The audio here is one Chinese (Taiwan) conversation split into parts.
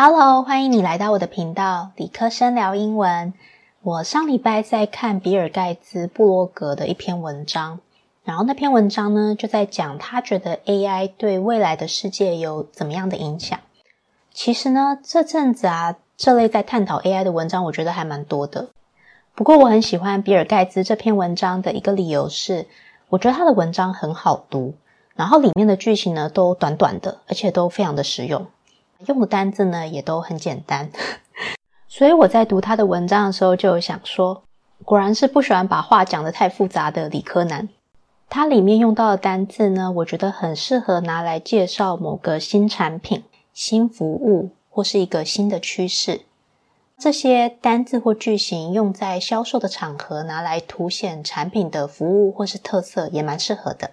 哈嘍，歡迎你來到我的頻道《理科生聊英文》。我上禮拜在看比爾蓋茨部落格的一篇文章，然後那篇文章呢就在講他覺得 AI 對未來的世界有怎麼樣的影響。其實呢，這陣子啊，這類在探討 AI 的文章，我覺得還蠻多的。不過我很喜歡比爾蓋茨這篇文章的一個理由是，我覺得他的文章很好讀，然後裡面的句型呢都短短的，而且都非常的實用。用的單字呢也都很簡單， 所以我在讀他的文章的時候就有想說，果然是不喜歡把話講得太複雜的理科男。他裡面用到的單字呢，我覺得很適合拿來介紹某個新產品、新服務或是一個新的趨勢。這些單字或句型用在銷售的場合，拿來凸顯產品的服務或是特色，也蠻適合的。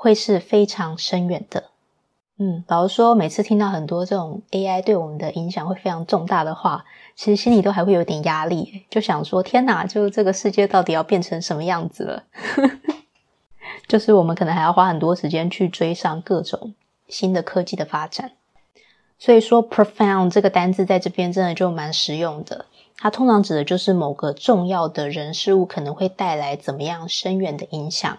會是非常深遠的，嗯，老實說，每次聽到很多這種 AI 對我們的影響會非常重大的話，其實心裡都還會有點壓力，就想說：天哪，就這個世界到底要變成什麼樣子了？ 就是我們可能還要花很多時間去追上各種新的科技的發展。所以說，profound 這個單字在這邊真的就蠻實用的，它通常指的就是某個重要的人事物可能會帶來怎麼樣深遠的影響。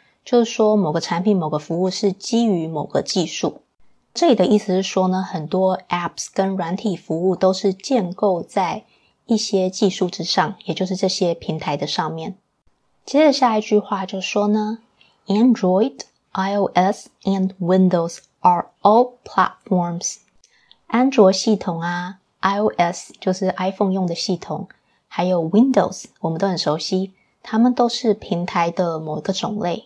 就是說，某個產品、某個服務是基於某個技術。這裡的意思是說呢，很多 apps 跟軟體服務都是建構在一些技術之上，也就是這些平台的上面。接着下一句話就說呢：Android、iOS and Windows are all platforms。安卓系統啊，iOS 就是 iPhone 用的系統，還有 Windows，我們都很熟悉，它們都是平台的某一個種類。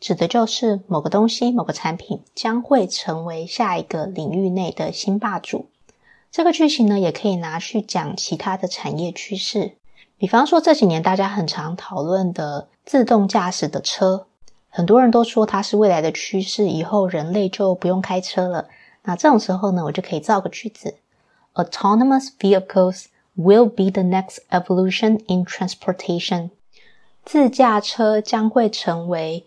指的就是某個東西、某個產品將會成為下一個領域內的新霸主。這個句型呢，也可以拿去講其他的產業趨勢。比方說，這幾年大家很常討論的自動駕駛的車，很多人都說它是未來的趨勢，以後人類就不用開車了。那這種時候呢，我就可以造個句子：Autonomous vehicles will be the next evolution in transportation。自駕車將會成為。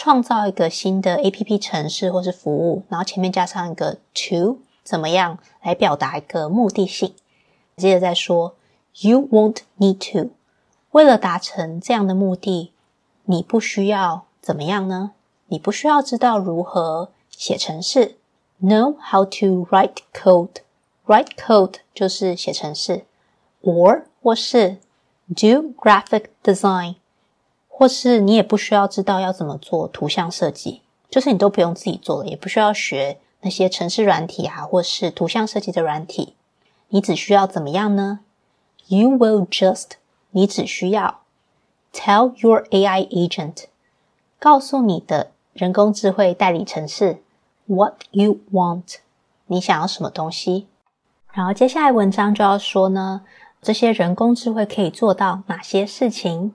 創造一個新的 APP 程式或是服務，然後前面加上一個 to，怎麼樣來表達一個目的性？接着再說，You won't need to。為了達成這樣的目的，你不需要怎麼樣呢？你不需要知道如何寫程式，Know how to write code。Write code 就是寫程式，or 或是 do graphic design。或是你也不需要知道要怎麼做圖像設計，就是你都不用自己做了，也不需要學那些程式軟體啊，或是圖像設計的軟體，你只需要怎麼樣呢？You will just，你只需要 tell your AI agent，告訴你的人工智慧代理程式，what you want，你想要什麼東西。然後接下來文章就要說呢，這些人工智慧可以做到哪些事情？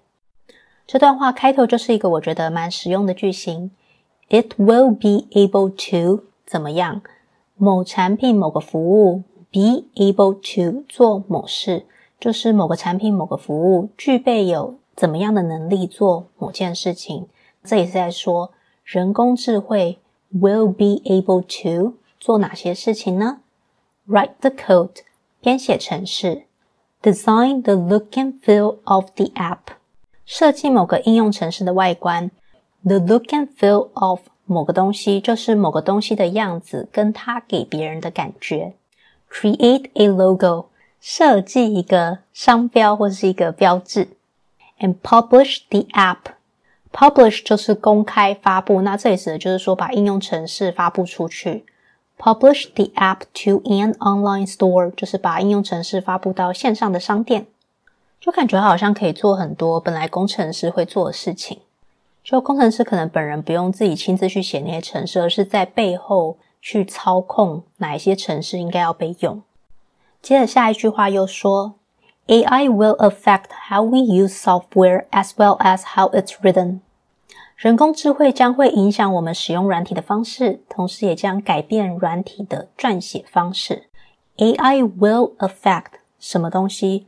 這段話開頭就是一個我覺得蠻實用的句型：It will be able to 怎麼樣？某產品某個服務 be able to 做某事，就是某個產品某個服務具備有怎麼樣的能力做某件事情。這也是在說，人工智慧 will be able to 做哪些事情呢？Write the code，編寫程式；Design the look and feel of the app。設計某個應用程式的外觀。The look and feel of 某個東西就是某個東西的樣子，跟它給別人的感覺。Create a logo，設計一個商標或是一個標誌。And publish the app，publish 就是公開發佈，那這裡指的就是說把應用程式發佈出去。Publish the app to an online store，就是把應用程式發佈到線上的商店。就感覺好像可以做很多本來工程師會做的事情，就工程師可能本人不用自己親自去寫那些程式，而是在背後去操控哪一些程式應該要被用。接着下一句話又說，AI will affect how we use software as well as how it's written。人工智慧將會影響我們使用軟體的方式，同時也將改變軟體的撰寫方式。AI will affect 什麼東西？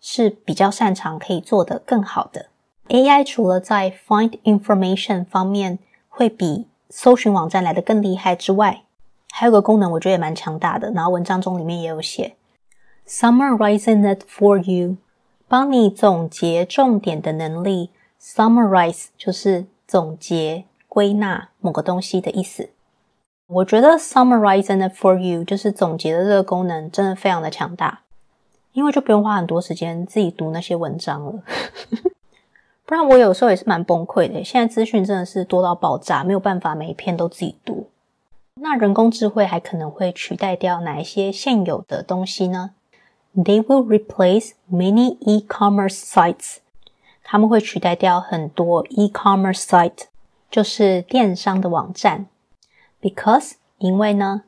是比較擅長可以做得更好的 AI，除了在 find information 方面會比搜尋網站來得更厲害之外，還有個功能我覺得也蠻強大的。然後文章中裡面也有寫，summarizing it for you，幫你總結重點的能力，summarize 就是總結歸納某個東西的意思。我覺得 summarizing it for you 就是總結的這個功能真的非常的強大。因為就不用花很多時間自己讀那些文章了， 不然我有時候也是蠻崩潰的。現在資訊真的是多到爆炸，沒有辦法每一篇都自己讀。那人工智慧還可能會取代掉哪一些現有的東西呢？They will replace many e-commerce sites，他們會取代掉很多 e-commerce site，就是電商的網站。Because 因為呢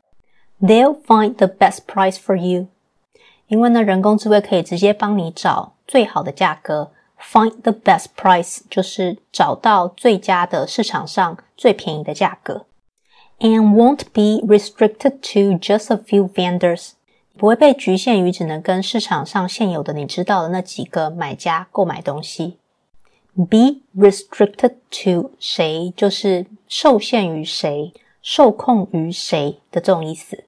，they'll find the best price for you。因為呢，人工智慧可以直接幫你找最好的價格，find the best price，就是找到最佳的市場上最便宜的價格，and won't be restricted to just a few vendors，你不會被局限於只能跟市場上現有的你知道的那幾個買家購買東西，be restricted to 誰就是受限於誰，受控於誰的這種意思。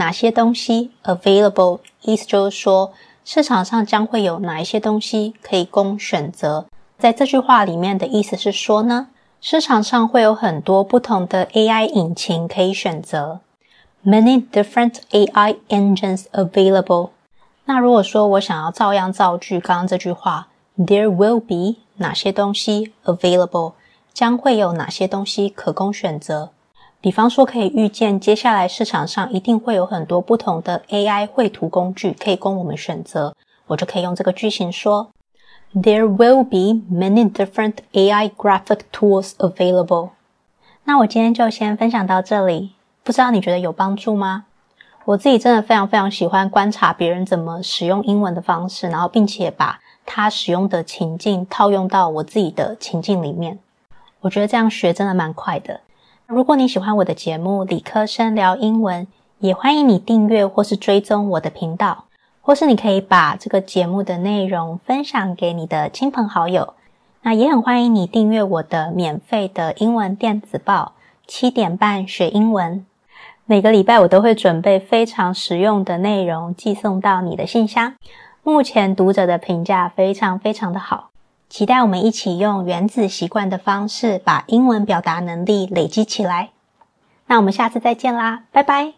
哪些東西 available？意思就是說，市場上將會有哪一些東西可以供選擇。在這句話裡面的意思是說呢，市場上會有很多不同的 AI 引擎可以選擇。Many different AI engines available。那如果說我想要照樣造句，剛剛這句話，There will be 哪些東西 available？將會有哪些東西可供選擇？比方說，可以預見接下來市場上一定會有很多不同的 AI 繪圖工具可以供我們選擇。我就可以用這個句型說：“There will be many different AI graphic tools available.” 那我今天就先分享到這裡，不知道你覺得有幫助嗎？我自己真的非常非常喜歡觀察別人怎麼使用英文的方式，然後並且把它使用的情境套用到我自己的情境裡面。我覺得這樣學真的蠻快的。如果你喜歡我的節目《理科生聊英文》，也歡迎你訂閱或是追蹤我的頻道，或是你可以把這個節目的內容分享給你的親朋好友。那也很歡迎你訂閱我的免費的英文電子報《七點半學英文》，每個禮拜我都會準備非常實用的內容寄送到你的信箱。目前讀者的評價非常非常的好。期待我們一起用原子習慣的方式，把英文表達能力累積起來。那我們下次再見啦，拜拜。